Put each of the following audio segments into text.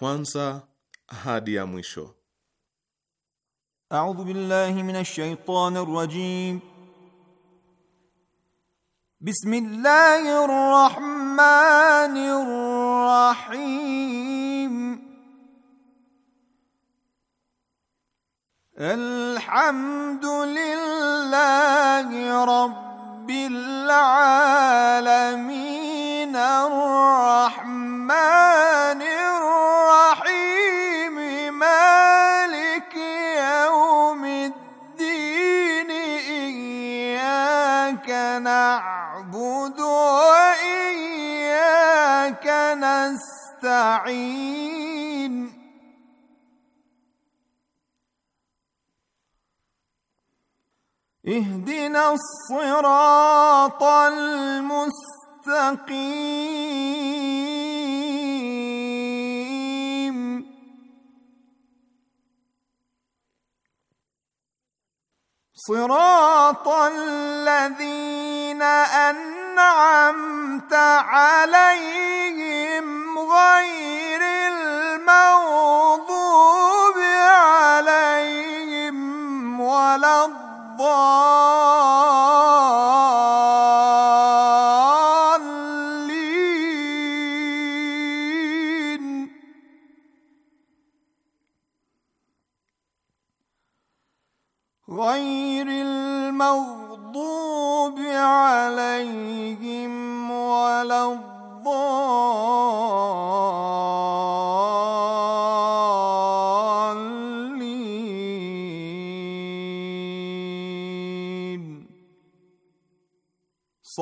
kwanza hadi ya mwisho. A'udhu billahi minash shaitani rajim. Bismillahir rahmanir rahim. حتى اهدنا الصراط المستقيم صراط الذين انعمت عليهم غير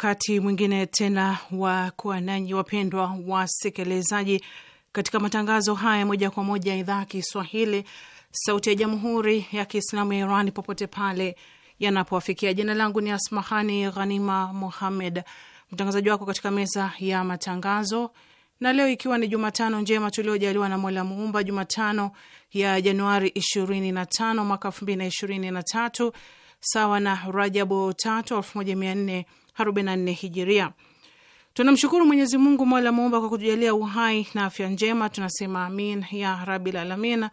wakati mwingine tena wa kuwa nanyi wapendwa wasikilizaji, katika matangazo haya moja kwa moja idhaa ya Kiswahili sauti ya jamhuri ya Kiislamu ya Iran popote pale yanapowafikia. Jina langu ni Asmahani Ghanima Mohammed, mtangazaji wako katika meza ya matangazo, na leo ikiwa ni Jumatano njema tuliojaliwa na Mola Muumba, Jumatano ya Januari 25 mwaka 2023 sawa na Rajabu 3 1400 44 hijiria. Tunamshukuru Mwenyezi Mungu mola muumba kwa kutujalia uhai na afya njema, tunasema amin ya rabil alamin.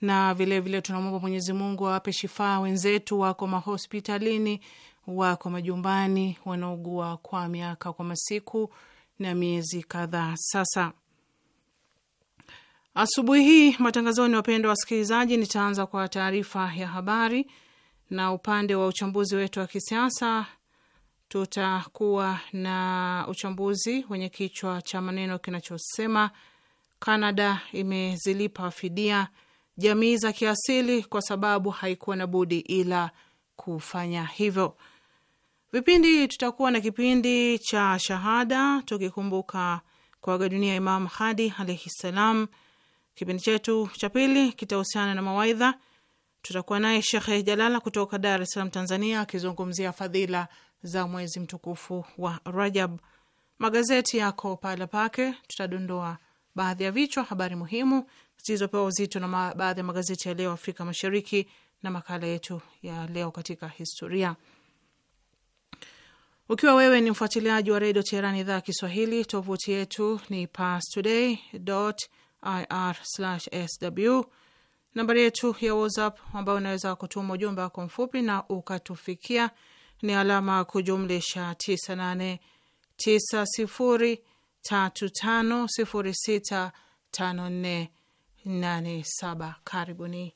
Na vilevile tunamwomba Mwenyezi Mungu awape shifaa wenzetu wako mahospitalini, wako majumbani, wanaugua kwa miaka, kwa masiku na miezi kadhaa sasa. Asubuhi hii matangazoni, wapendwa wasikilizaji, nitaanza kwa taarifa ya habari na upande wa uchambuzi wetu wa kisiasa tutakuwa na uchambuzi wenye kichwa cha maneno kinachosema Kanada imezilipa fidia jamii za kiasili kwa sababu haikuwa na budi ila kufanya hivyo. Vipindi tutakuwa na kipindi cha shahada tukikumbuka kuaga dunia Imam Hadi alaihi salam. Kipindi chetu cha pili kitahusiana na mawaidha, tutakuwa naye Shekhe Jalala kutoka Dar es Salaam, Tanzania, akizungumzia fadhila za mwezi mtukufu wa Rajab. Magazeti yako pahala pake, tutadondoa baadhi ya vichwa habari muhimu zilizopewa uzito na baadhi ya magazeti ya leo Afrika Mashariki na makala yetu ya leo katika historia. Ukiwa wewe ni mfuatiliaji wa redio Teheran idhaa ya Kiswahili, tovuti yetu ni pastoday.ir/sw. Nambari yetu ya WhatsApp ambayo unaweza kutuma ujumbe wako mfupi na ukatufikia ni alama kujumlisha 989035065487. Karibuni.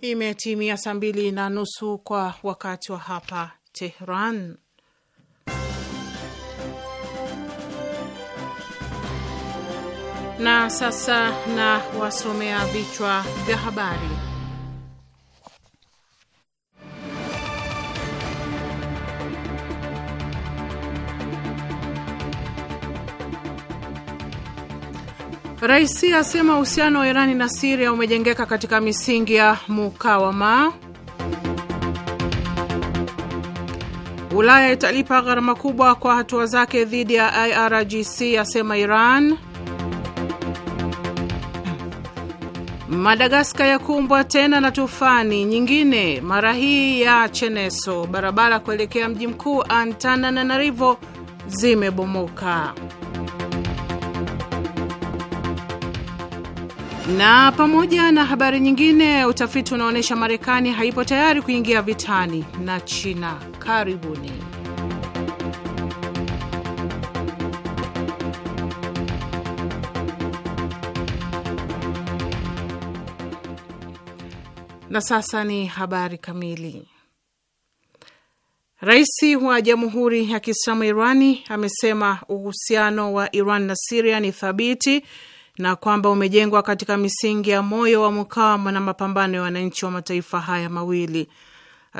Imetimia saa mbili na nusu kwa wakati wa hapa Tehran. Na sasa na wasomea vichwa vya habari. Raisi asema uhusiano wa Irani na Siria umejengeka katika misingi ya mukawama. Ulaya italipa gharama kubwa kwa hatua zake dhidi ya IRGC, asema Iran. Madagaska yakumbwa tena na tufani nyingine, mara hii ya Cheneso. Barabara kuelekea mji mkuu Antananarivo zimebomoka. Na pamoja na habari nyingine, utafiti unaonyesha Marekani haipo tayari kuingia vitani na China. Karibuni. Na sasa ni habari kamili. Rais wa Jamhuri ya Kiislamu Irani amesema uhusiano wa Iran na Siria ni thabiti na kwamba umejengwa katika misingi ya moyo wa mukawama na mapambano ya wananchi wa mataifa haya mawili.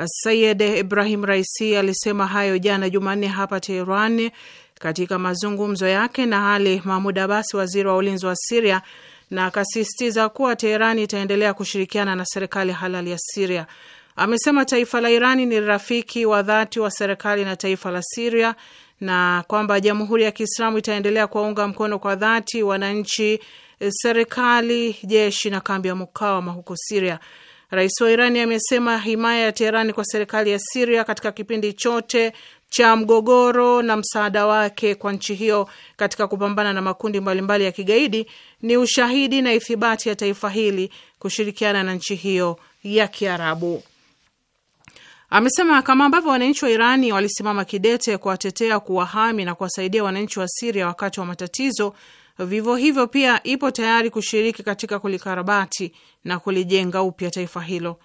Sayed Ibrahim Raisi alisema hayo jana Jumanne hapa Teheran katika mazungumzo yake na Ali Mahmud abas waziri wa ulinzi wa Siria, na akasisitiza kuwa Teherani itaendelea kushirikiana na serikali halali ya Siria. Amesema taifa la Irani ni rafiki wa dhati wa serikali na taifa la Siria na kwamba Jamhuri ya Kiislamu itaendelea kuwaunga mkono kwa dhati wananchi, eh, serikali, jeshi na kambi ya mukawama huko Siria. Rais wa Irani amesema himaya ya Teherani kwa serikali ya Siria katika kipindi chote cha mgogoro na msaada wake kwa nchi hiyo katika kupambana na makundi mbalimbali ya kigaidi ni ushahidi na ithibati ya taifa hili kushirikiana na nchi hiyo ya Kiarabu. Amesema kama ambavyo wananchi wa Irani walisimama kidete kuwatetea, kuwahami na kuwasaidia wananchi wa Siria wakati wa matatizo, vivyo hivyo pia ipo tayari kushiriki katika kulikarabati na kulijenga upya taifa hilo.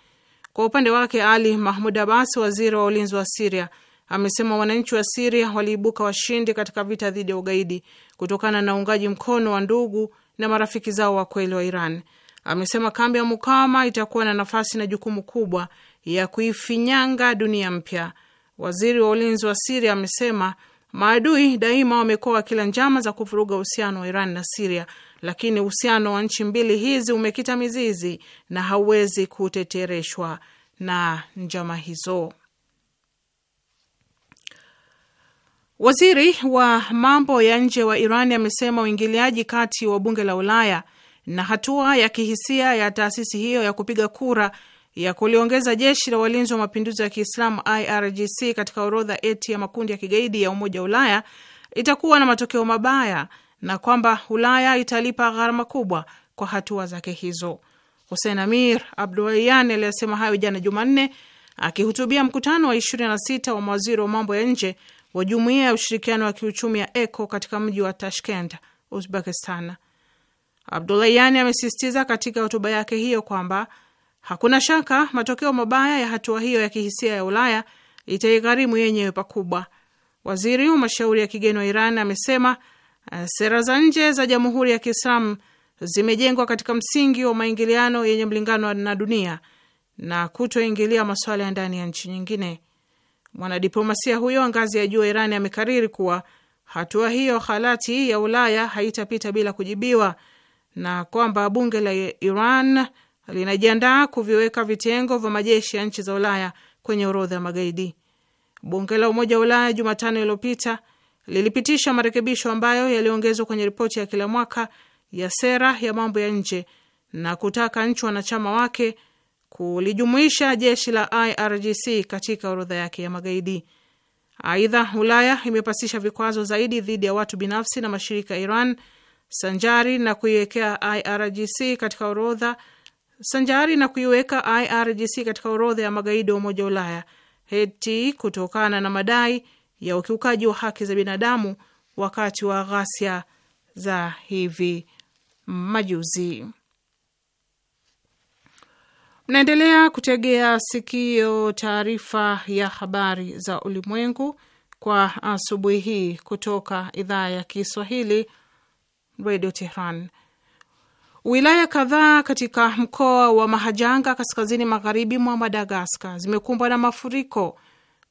Kwa upande wake, Ali Mahmud Abbas, waziri wa ulinzi wa Siria, amesema wananchi wa Siria waliibuka washindi katika vita dhidi ya ugaidi kutokana na uungaji mkono wa ndugu na marafiki zao wa kweli wa Iran. Amesema kambi ya mukawama itakuwa na nafasi na jukumu kubwa ya kuifinyanga dunia mpya. Waziri wa ulinzi wa Siria amesema maadui daima wamekuwa wakila njama za kuvuruga uhusiano wa Iran na Siria, lakini uhusiano wa nchi mbili hizi umekita mizizi na hauwezi kutetereshwa na njama hizo. Waziri wa mambo ya nje wa Iran amesema uingiliaji kati wa bunge la Ulaya na hatua ya kihisia ya taasisi hiyo ya kupiga kura ya kuliongeza jeshi la walinzi wa mapinduzi ya Kiislamu IRGC katika orodha eti ya makundi ya kigaidi ya Umoja wa Ulaya itakuwa na matokeo mabaya na kwamba Ulaya italipa gharama kubwa kwa hatua zake hizo. Hussein Amir Abdollahian aliyesema hayo jana Jumanne akihutubia mkutano wa 26 wa mawaziri wa mambo ya nje wa jumuiya ya ushirikiano wa kiuchumi ya ECO katika mji wa Tashkent, Uzbekistan. Abdulayani amesisitiza katika hotuba yake hiyo kwamba hakuna shaka matokeo mabaya ya hatua hiyo ya kihisia ya Ulaya itaigharimu yenyewe pakubwa. Waziri wa mashauri ya kigeni wa Iran amesema eh, sera za nje za Jamhuri ya Kiislamu zimejengwa katika msingi wa maingiliano yenye mlingano na dunia na kutoingilia masuala ya ndani ya nchi nyingine. Mwanadiplomasia huyo wa ngazi ya juu wa Irani amekariri kuwa hatua hiyo halati ya Ulaya haitapita bila kujibiwa na kwamba bunge la Iran linajiandaa kuviweka vitengo vya majeshi ya nchi za Ulaya kwenye orodha ya magaidi. Bunge la Umoja wa Ulaya Jumatano iliyopita lilipitisha marekebisho ambayo yaliongezwa kwenye ripoti ya kila mwaka ya sera ya mambo ya nje na kutaka nchi wanachama wake kulijumuisha jeshi la IRGC katika orodha yake ya magaidi. Aidha, Ulaya imepasisha vikwazo zaidi dhidi ya watu binafsi na mashirika ya Iran sanjari na kuiwekea IRGC katika orodha sanjari na kuiweka IRGC katika orodha ya magaidi wa Umoja wa Ulaya heti kutokana na madai ya ukiukaji wa haki za binadamu wakati wa ghasia za hivi majuzi. Mnaendelea kutegea sikio taarifa ya habari za ulimwengu kwa asubuhi hii kutoka idhaa ya Kiswahili Radio Tehran. Wilaya kadhaa katika mkoa wa Mahajanga kaskazini magharibi mwa Madagaskar zimekumbwa na mafuriko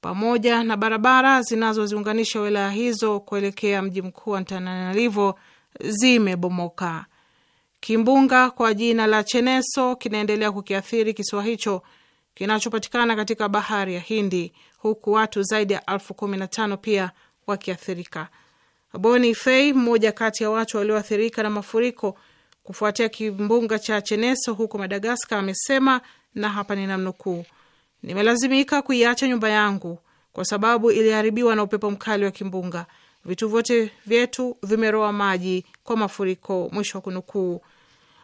pamoja na barabara zinazoziunganisha wilaya hizo kuelekea mji mkuu wa Antananarivo zimebomoka. Kimbunga kwa jina la Cheneso kinaendelea kukiathiri kisiwa hicho kinachopatikana katika bahari ya Hindi, huku watu zaidi ya elfu kumi na tano pia wakiathirika. Boni Fei, mmoja kati ya watu walioathirika na mafuriko kufuatia kimbunga cha Cheneso huko Madagaskar, amesema na hapa ninamnukuu: nimelazimika kuiacha nyumba yangu kwa sababu iliharibiwa na upepo mkali wa kimbunga vitu vyote vyetu vimeroa maji kwa mafuriko, mwisho wa kunukuu.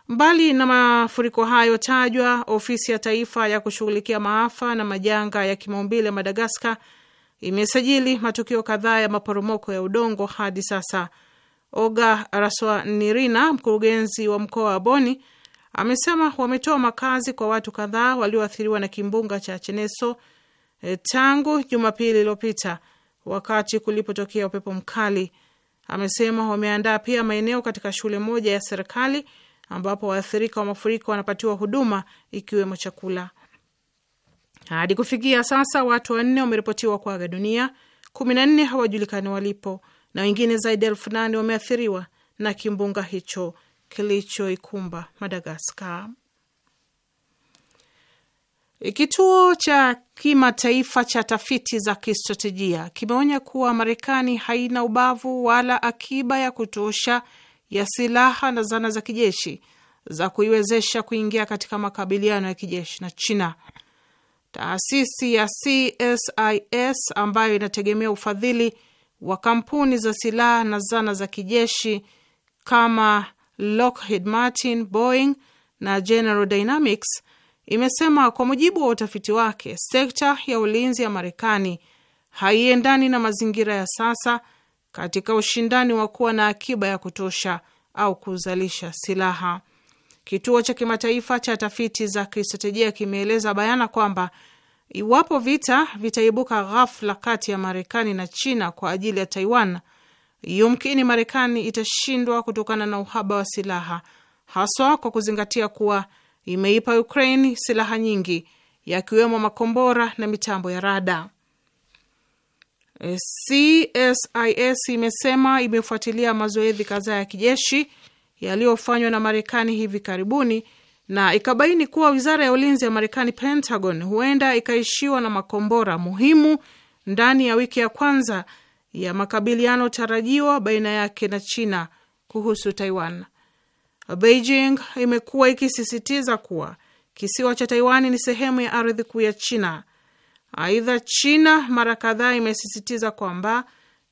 Mbali na mafuriko hayo tajwa, ofisi ya taifa ya kushughulikia maafa na majanga ya kimaumbile Madagaskar imesajili matukio kadhaa ya maporomoko ya udongo hadi sasa. Raswa Raswanirina, mkurugenzi wa mkoa wa Boni, amesema wametoa makazi kwa watu kadhaa walioathiriwa na kimbunga cha Cheneso eh, tangu Jumapili iliyopita wakati kulipotokea upepo mkali. Amesema wameandaa pia maeneo katika shule moja ya serikali ambapo waathirika wa mafuriko wanapatiwa huduma ikiwemo chakula. Hadi kufikia sasa watu wanne wameripotiwa kuaga dunia, kumi na nne hawajulikani walipo na wengine zaidi ya elfu nane wameathiriwa na kimbunga hicho kilichoikumba Madagaskar. E, kituo cha kimataifa cha tafiti za kistratejia kimeonya kuwa Marekani haina ubavu wala akiba ya kutosha ya silaha na zana za kijeshi za kuiwezesha kuingia katika makabiliano ya kijeshi na China. Taasisi ya CSIS ambayo inategemea ufadhili wa kampuni za silaha na zana za kijeshi kama Lockheed Martin, Boeing na General Dynamics imesema kwa mujibu wa utafiti wake, sekta ya ulinzi ya Marekani haiendani na mazingira ya sasa katika ushindani wa kuwa na akiba ya kutosha au kuzalisha silaha. Kituo cha kimataifa cha tafiti za kistratejia kimeeleza bayana kwamba iwapo vita vitaibuka ghafla kati ya Marekani na China kwa ajili ya Taiwan, yumkini Marekani itashindwa kutokana na uhaba wa silaha, haswa kwa kuzingatia kuwa imeipa Ukraine silaha nyingi yakiwemo makombora na mitambo ya rada. CSIS imesema imefuatilia mazoezi kadhaa ya kijeshi yaliyofanywa na Marekani hivi karibuni na ikabaini kuwa wizara ya ulinzi ya Marekani, Pentagon, huenda ikaishiwa na makombora muhimu ndani ya wiki ya kwanza ya makabiliano tarajiwa baina yake na China kuhusu Taiwan. Beijing imekuwa ikisisitiza kuwa kisiwa cha Taiwan ni sehemu ya ardhi kuu ya China. Aidha, China mara kadhaa imesisitiza kwamba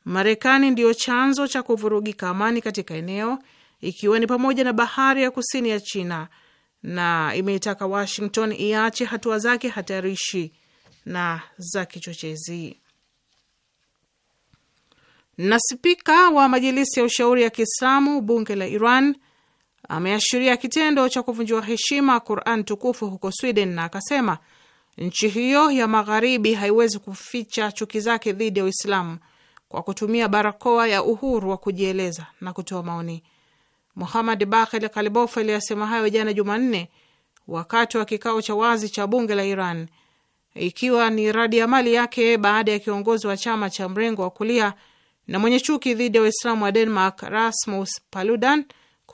Marekani ndiyo chanzo cha kuvurugika amani katika eneo, ikiwa ni pamoja na bahari ya kusini ya China, na imeitaka Washington iache hatua zake hatarishi na za kichochezi. Na spika wa majilisi ya ushauri ya Kiislamu, bunge la Iran ameashiria kitendo cha kuvunjiwa heshima Quran tukufu huko Sweden na akasema nchi hiyo ya magharibi haiwezi kuficha chuki zake dhidi ya Uislamu kwa kutumia barakoa ya uhuru wa kujieleza na kutoa maoni. Muhamad Bakhel Kalibof aliyasema hayo jana Jumanne wakati wa kikao cha wazi cha bunge la Iran, ikiwa ni radi ya mali yake baada ya kiongozi wa chama cha mrengo wa kulia na mwenye chuki dhidi ya Waislamu wa Denmark Rasmus Paludan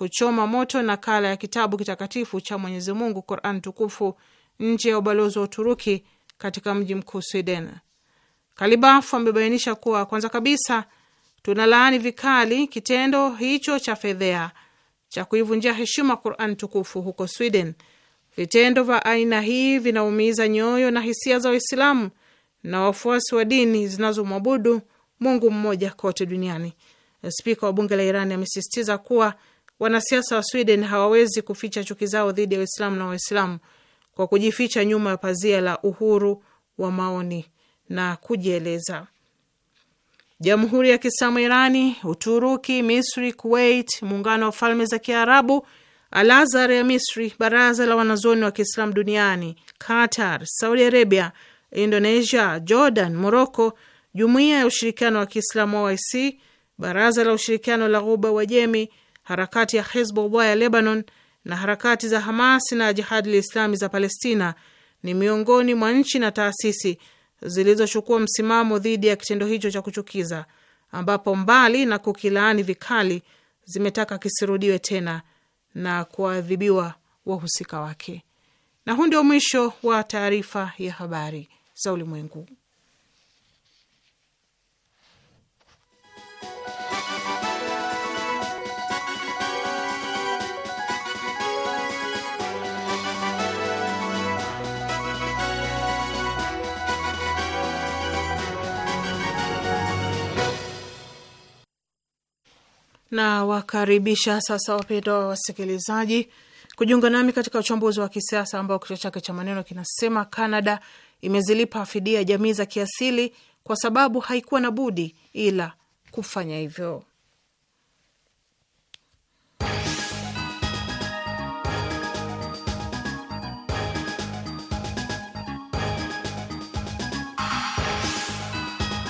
kuchoma moto nakala ya kitabu kitakatifu cha Mwenyezi Mungu Quran tukufu nje ya ubalozi wa Uturuki katika mji mkuu Sweden. Kalibaf amebainisha kuwa kwanza kabisa tunalaani vikali kitendo hicho cha fedhea cha kuivunjia heshima Quran tukufu huko Sweden. Vitendo vya aina hii vinaumiza nyoyo na hisia za Waislamu na wafuasi wa dini zinazomwabudu Mungu mmoja kote duniani. Spika wa bunge la Iran amesisitiza kuwa wanasiasa wa Sweden hawawezi kuficha chuki zao dhidi ya Uislamu na Waislamu kwa kujificha nyuma ya pazia la uhuru wa maoni na kujieleza. Jamhuri ya Kiislamu Irani, Uturuki, Misri, Kuwait, Muungano wa Falme za Kiarabu, Alazar ya Misri, Baraza la Wanazuoni wa Kiislamu Duniani, Qatar, Saudi Arabia, Indonesia, Jordan, Morocco, Jumuiya ya Ushirikiano wa Kiislamu OIC, Baraza la Ushirikiano la Ghuba Wajemi, harakati ya Hezbollah ya Lebanon na harakati za Hamas na Jihadi Islami za Palestina ni miongoni mwa nchi na taasisi zilizochukua msimamo dhidi ya kitendo hicho cha kuchukiza, ambapo mbali na kukilaani vikali, zimetaka kisirudiwe tena na kuadhibiwa wahusika wake. Na huu ndio mwisho wa taarifa ya habari za ulimwengu. na wakaribisha sasa, wapendwa wasikilizaji, kujiunga nami katika uchambuzi wa kisiasa ambao kichwa chake cha maneno kinasema Canada imezilipa fidia jamii za kiasili kwa sababu haikuwa na budi ila kufanya hivyo.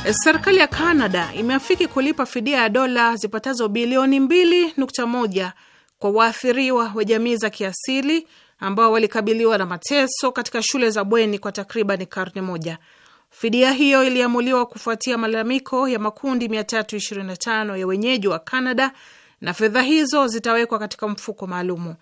Eh, serikali ya Canada imeafiki kulipa fidia ya dola zipatazo bilioni 2.1 kwa waathiriwa wa jamii za kiasili ambao walikabiliwa na mateso katika shule za bweni kwa takriban karne moja. Fidia hiyo iliamuliwa kufuatia malalamiko ya makundi 325 ya wenyeji wa Canada, na fedha hizo zitawekwa katika mfuko maalumu.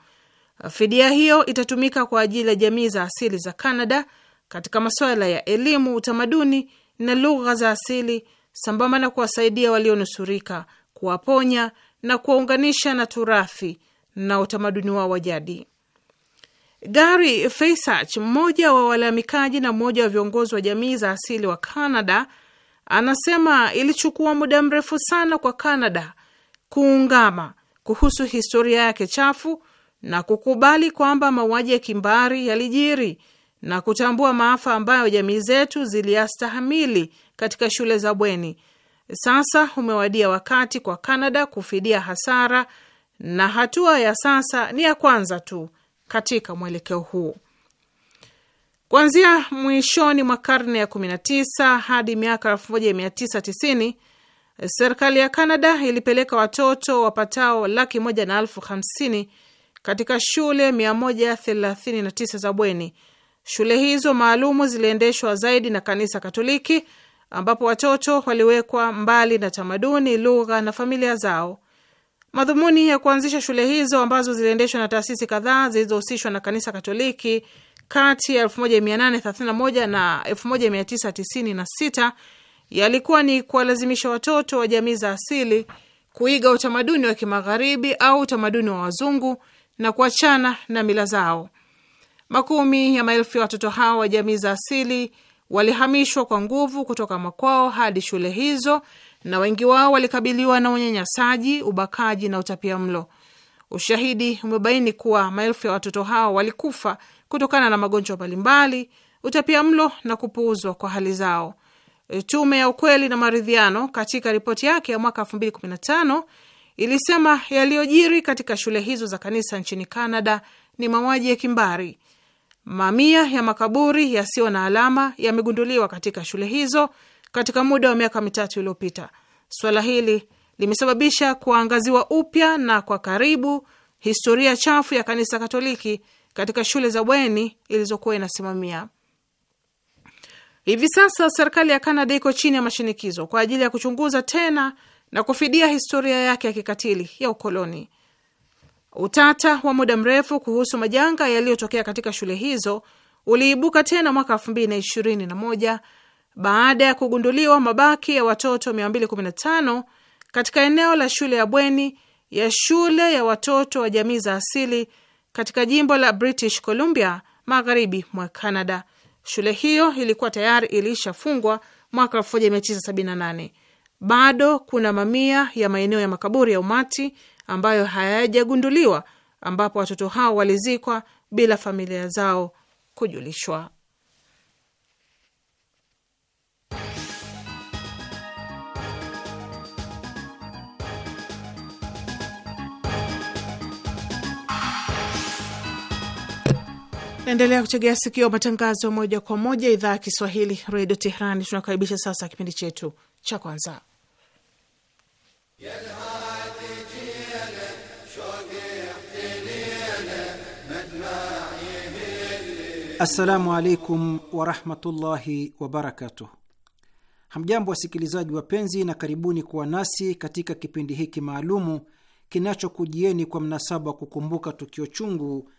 Fidia hiyo itatumika kwa ajili ya jamii za asili za Canada katika masuala ya elimu, utamaduni na lugha za asili sambamba na kuwasaidia walionusurika, kuwaponya na kuwaunganisha na turathi na utamaduni wao wa jadi. Gary Faisach, mmoja wa walalamikaji na mmoja wa viongozi wa jamii za asili wa Canada, anasema ilichukua muda mrefu sana kwa Canada kuungama kuhusu historia yake chafu na kukubali kwamba mauaji ya kimbari yalijiri na kutambua maafa ambayo jamii zetu ziliyastahamili katika shule za bweni. Sasa umewadia wakati kwa Kanada kufidia hasara, na hatua ya sasa ni ya kwanza tu katika mwelekeo huu. Kuanzia mwishoni mwa karne ya 19 hadi miaka 1990 serikali ya Kanada ilipeleka watoto wapatao laki moja na elfu hamsini katika shule 139 za bweni Shule hizo maalumu ziliendeshwa zaidi na kanisa Katoliki, ambapo watoto waliwekwa mbali na tamaduni, lugha na familia zao. Madhumuni ya kuanzisha shule hizo ambazo ziliendeshwa na taasisi kadhaa zilizohusishwa na kanisa Katoliki kati ya 1831 na 1996 yalikuwa ni kuwalazimisha watoto wa jamii za asili kuiga utamaduni wa kimagharibi au utamaduni wa wazungu na kuachana na mila zao. Makumi ya maelfu ya watoto hao wa jamii za asili walihamishwa kwa nguvu kutoka makwao hadi shule hizo, na wengi wao walikabiliwa na unyanyasaji, ubakaji na utapia mlo. Ushahidi umebaini kuwa maelfu ya watoto hao walikufa kutokana na magonjwa mbalimbali, utapia mlo na kupuuzwa kwa hali zao. Tume ya Ukweli na Maridhiano katika ripoti yake ya mwaka 2015 ilisema yaliyojiri katika shule hizo za kanisa nchini Canada ni mauaji ya kimbari, Mamia ya makaburi yasiyo na alama yamegunduliwa katika shule hizo katika muda wa miaka mitatu iliyopita. swala hili limesababisha kuangaziwa upya na kwa karibu historia chafu ya kanisa Katoliki katika shule za bweni ilizokuwa inasimamia. Hivi sasa serikali ya Kanada iko chini ya mashinikizo kwa ajili ya kuchunguza tena na kufidia historia yake ya kikatili ya ukoloni. Utata wa muda mrefu kuhusu majanga yaliyotokea katika shule hizo uliibuka tena mwaka moja baada ya kugunduliwa mabaki ya watoto 215 katika eneo la shule ya bweni ya shule ya watoto wa jamii za asili katika jimbo la British Columbia magharibi mwa Canada. Shule hiyo ilikuwa tayari ilishafungwa mwaka 1978. Bado kuna mamia ya maeneo ya makaburi ya umati ambayo hayajagunduliwa, ambapo watoto hao walizikwa bila familia zao kujulishwa. Endelea kuchegea sikio matangazo moja kwa moja idhaa ya Kiswahili redio Teherani. Tunakaribisha sasa kipindi chetu cha kwanza yeah. Assalamu alaikum warahmatullahi wabarakatuh. Hamjambo wasikilizaji wapenzi, na karibuni kuwa nasi katika kipindi hiki maalumu kinachokujieni kwa mnasaba wa kukumbuka tukio chungu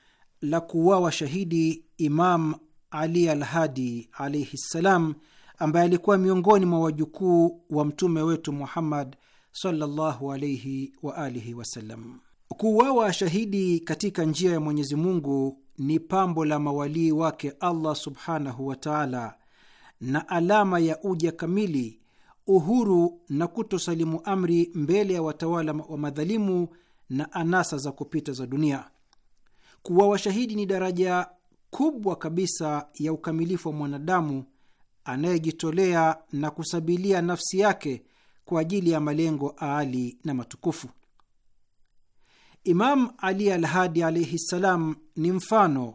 la kuuawa shahidi Imam Ali Alhadi alaihi ssalam, ambaye alikuwa miongoni mwa wajukuu wa mtume wetu Muhammad sallallahu alaihi waalihi wasallam. Kuuawa shahidi katika njia ya Mwenyezi Mungu ni pambo la mawalii wake Allah subhanahu wa taala, na alama ya uja kamili, uhuru na kutosalimu amri mbele ya watawala wa madhalimu na anasa za kupita za dunia. Kuwa washahidi ni daraja kubwa kabisa ya ukamilifu wa mwanadamu anayejitolea na kusabilia nafsi yake kwa ajili ya malengo aali na matukufu. Imam Ali Alhadi alaihi ssalam ni mfano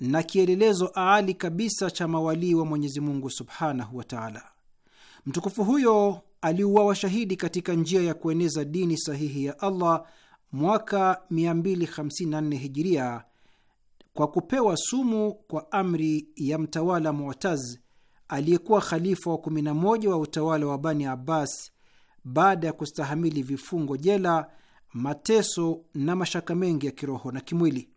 na kielelezo aali kabisa cha mawalii wa Mwenyezi Mungu subhanahu wa taala. Mtukufu huyo aliuawa shahidi katika njia ya kueneza dini sahihi ya Allah mwaka 254 hijiria kwa kupewa sumu kwa amri ya mtawala Mu'taz aliyekuwa khalifa wa 11 wa utawala wa Bani Abbas baada ya kustahamili vifungo jela mateso na mashaka mengi ya kiroho na kimwili.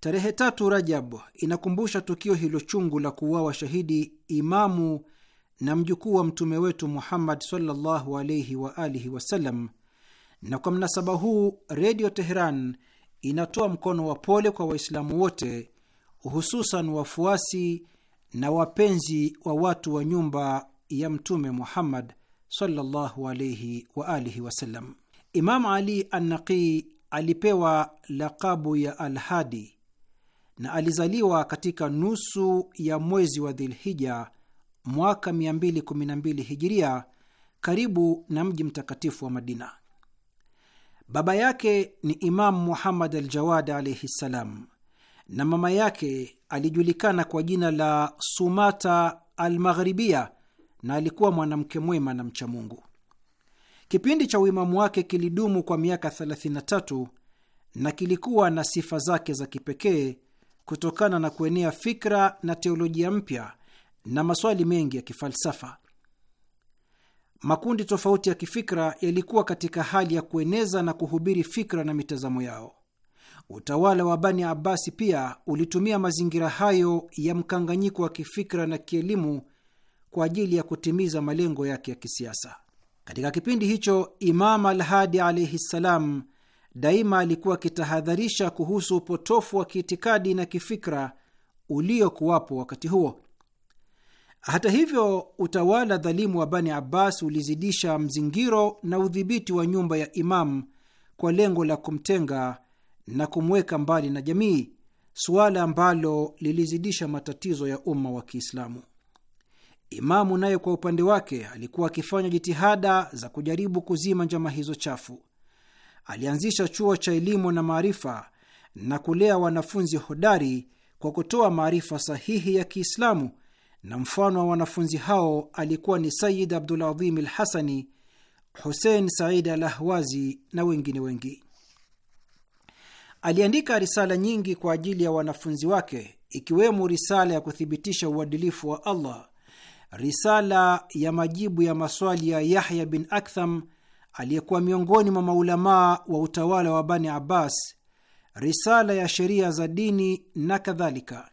Tarehe tatu Rajab inakumbusha tukio hilo chungu la kuuawa shahidi imamu na mjukuu wa mtume wetu Muhammad sallallahu alaihi wa alihi wasallam, na kwa mnasaba huu Redio Teheran inatoa mkono wa pole kwa Waislamu wote hususan wafuasi na wapenzi wa watu wa nyumba ya Mtume Muhammad sallallahu alaihi wa alihi wasallam. Imamu Ali Annaqi alipewa lakabu ya Alhadi na alizaliwa katika nusu ya mwezi wa Dhilhija mwaka 212 Hijiria, karibu na mji mtakatifu wa Madina. Baba yake ni Imamu Muhammad al Jawad alaihi ssalam, na mama yake alijulikana kwa jina la Sumata al na alikuwa mwanamke mwema na mchamungu. Kipindi cha uimamu wake kilidumu kwa miaka 33 na kilikuwa na sifa zake za kipekee kutokana na kuenea fikra na teolojia mpya na maswali mengi ya kifalsafa. Makundi tofauti ya kifikra yalikuwa katika hali ya kueneza na kuhubiri fikra na mitazamo yao. Utawala wa Bani Abbasi pia ulitumia mazingira hayo ya mkanganyiko wa kifikra na kielimu kwa ajili ya kutimiza malengo yake ya kisiasa. Katika kipindi hicho Imam Alhadi alaihi ssalam daima alikuwa akitahadharisha kuhusu upotofu wa kiitikadi na kifikra uliokuwapo wakati huo. Hata hivyo, utawala dhalimu wa Bani Abbas ulizidisha mzingiro na udhibiti wa nyumba ya Imam kwa lengo la kumtenga na kumweka mbali na jamii, suala ambalo lilizidisha matatizo ya umma wa Kiislamu. Imamu naye kwa upande wake alikuwa akifanya jitihada za kujaribu kuzima njama hizo chafu. Alianzisha chuo cha elimu na maarifa na kulea wanafunzi hodari kwa kutoa maarifa sahihi ya Kiislamu, na mfano wa wanafunzi hao alikuwa ni Sayid Abdulazim al Hasani, Husein Said al Ahwazi na wengine wengi. Aliandika risala nyingi kwa ajili ya wanafunzi wake, ikiwemo risala ya kuthibitisha uadilifu wa Allah risala ya majibu ya maswali ya Yahya bin Aktham aliyekuwa miongoni mwa maulamaa wa utawala wa Bani Abbas, risala ya sheria za dini na kadhalika.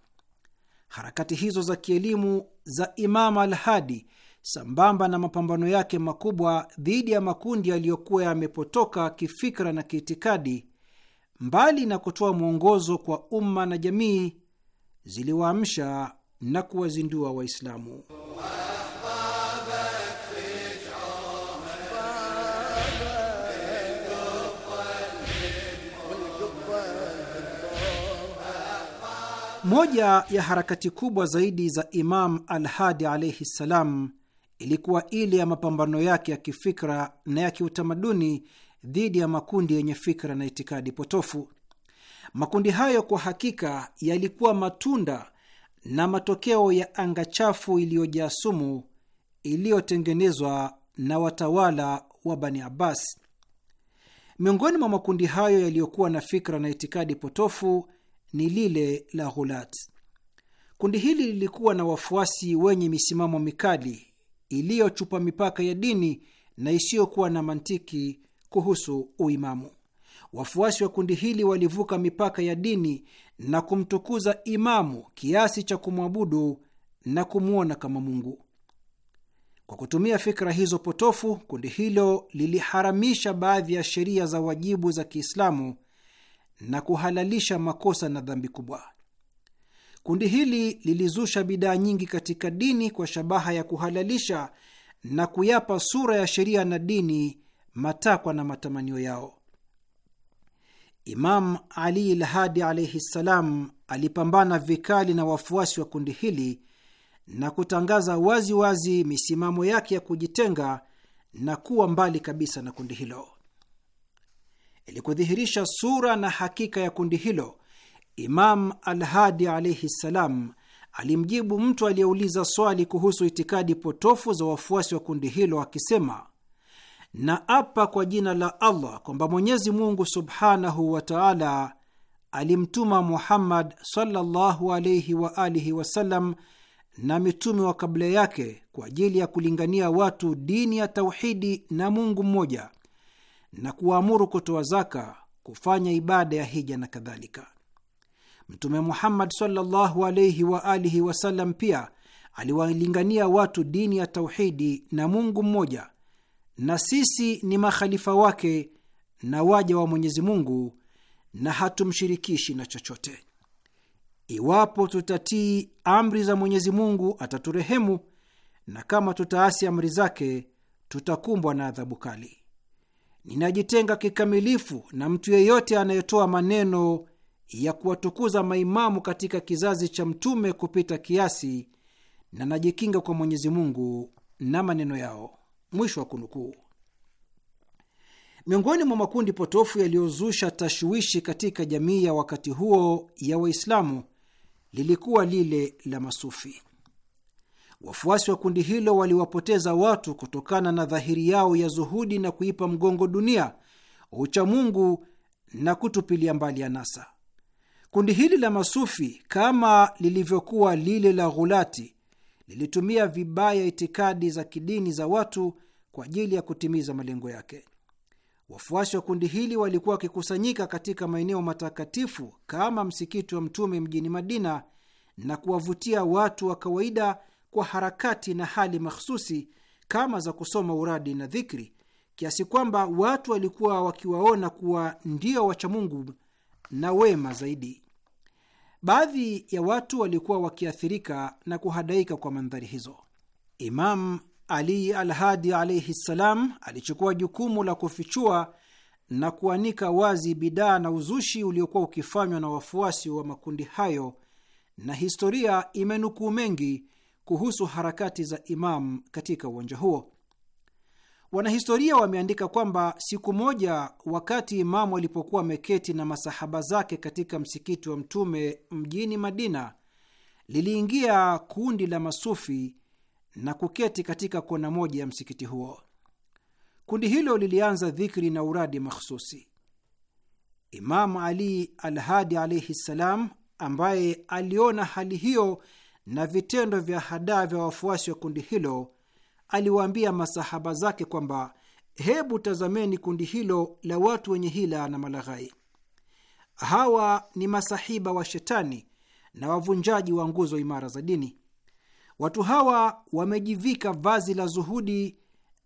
Harakati hizo za kielimu za Imam al-Hadi sambamba na mapambano yake makubwa dhidi ya makundi yaliyokuwa yamepotoka kifikra na kiitikadi, mbali na kutoa mwongozo kwa umma na jamii, ziliwaamsha na kuwazindua Waislamu. Moja ya harakati kubwa zaidi za Imam Alhadi alaihi ssalam ilikuwa ile ya mapambano yake ya kifikra na ya kiutamaduni dhidi ya makundi yenye fikra na itikadi potofu. Makundi hayo kwa hakika yalikuwa matunda na matokeo ya anga chafu iliyojaa sumu iliyotengenezwa na watawala wa Bani Abbas. Miongoni mwa makundi hayo yaliyokuwa na fikra na itikadi potofu ni lile la Ghulat. Kundi hili lilikuwa na wafuasi wenye misimamo mikali iliyochupa mipaka ya dini na isiyokuwa na mantiki kuhusu uimamu. Wafuasi wa kundi hili walivuka mipaka ya dini na kumtukuza imamu kiasi cha kumwabudu na kumwona kama Mungu. Kwa kutumia fikra hizo potofu, kundi hilo liliharamisha baadhi ya sheria za wajibu za Kiislamu na kuhalalisha makosa na dhambi kubwa. Kundi hili lilizusha bidaa nyingi katika dini kwa shabaha ya kuhalalisha na kuyapa sura ya sheria na dini matakwa na matamanio yao. Imam Ali Lhadi alaihi ssalam alipambana vikali na wafuasi wa kundi hili na kutangaza wazi wazi misimamo yake ya kujitenga na kuwa mbali kabisa na kundi hilo. Ili kudhihirisha sura na hakika ya kundi hilo, Imam Alhadi alaihi ssalam alimjibu mtu aliyeuliza swali kuhusu itikadi potofu za wafuasi wa kundi hilo akisema, na apa kwa jina la Allah kwamba Mwenyezi Mungu subhanahu wa taala alimtuma Muhammad sallallahu alaihi wa alihi wasallam na mitume wa kabla yake kwa ajili ya kulingania watu dini ya tauhidi na Mungu mmoja na kuwaamuru kutoa zaka, kufanya ibada ya hija na kadhalika. Mtume Muhammad sallallahu alaihi wa alihi wasallam pia aliwalingania watu dini ya tauhidi na Mungu mmoja na sisi ni makhalifa wake na waja wa Mwenyezi Mungu na hatumshirikishi na chochote. Iwapo tutatii amri za Mwenyezi Mungu ataturehemu, na kama tutaasi amri zake tutakumbwa na adhabu kali. Ninajitenga kikamilifu na mtu yeyote anayetoa maneno ya kuwatukuza maimamu katika kizazi cha Mtume kupita kiasi, na najikinga kwa Mwenyezi Mungu na maneno yao. Mwisho wa kunukuu. Miongoni mwa makundi potofu yaliyozusha tashwishi katika jamii ya wakati huo ya Waislamu lilikuwa lile la masufi. Wafuasi wa kundi hilo waliwapoteza watu kutokana na dhahiri yao ya zuhudi na kuipa mgongo dunia, uchamungu na kutupilia mbali anasa. Kundi hili la masufi, kama lilivyokuwa lile la ghulati, lilitumia vibaya itikadi za kidini za watu kwa ajili ya kutimiza malengo yake. Wafuasi wa kundi hili walikuwa wakikusanyika katika maeneo matakatifu kama msikiti wa Mtume mjini Madina na kuwavutia watu wa kawaida kwa harakati na hali mahsusi kama za kusoma uradi na dhikri, kiasi kwamba watu walikuwa wakiwaona kuwa ndio wachamungu na wema zaidi. Baadhi ya watu walikuwa wakiathirika na kuhadaika kwa mandhari hizo. Imam Ali Alhadi alaihi ssalam alichukua jukumu la kufichua na kuanika wazi bidaa na uzushi uliokuwa ukifanywa na wafuasi wa makundi hayo, na historia imenukuu mengi kuhusu harakati za Imam katika uwanja huo. Wanahistoria wameandika kwamba siku moja, wakati Imamu alipokuwa ameketi na masahaba zake katika msikiti wa Mtume mjini Madina, liliingia kundi la masufi na kuketi katika kona moja ya msikiti huo. Kundi hilo lilianza dhikri na uradi makhususi. Imamu Ali Alhadi alaihi ssalam, ambaye aliona hali hiyo na vitendo vya hadaa vya wafuasi wa kundi hilo aliwaambia masahaba zake kwamba hebu tazameni kundi hilo la watu wenye hila na malaghai. Hawa ni masahiba wa shetani na wavunjaji wa nguzo imara za dini. Watu hawa wamejivika vazi la zuhudi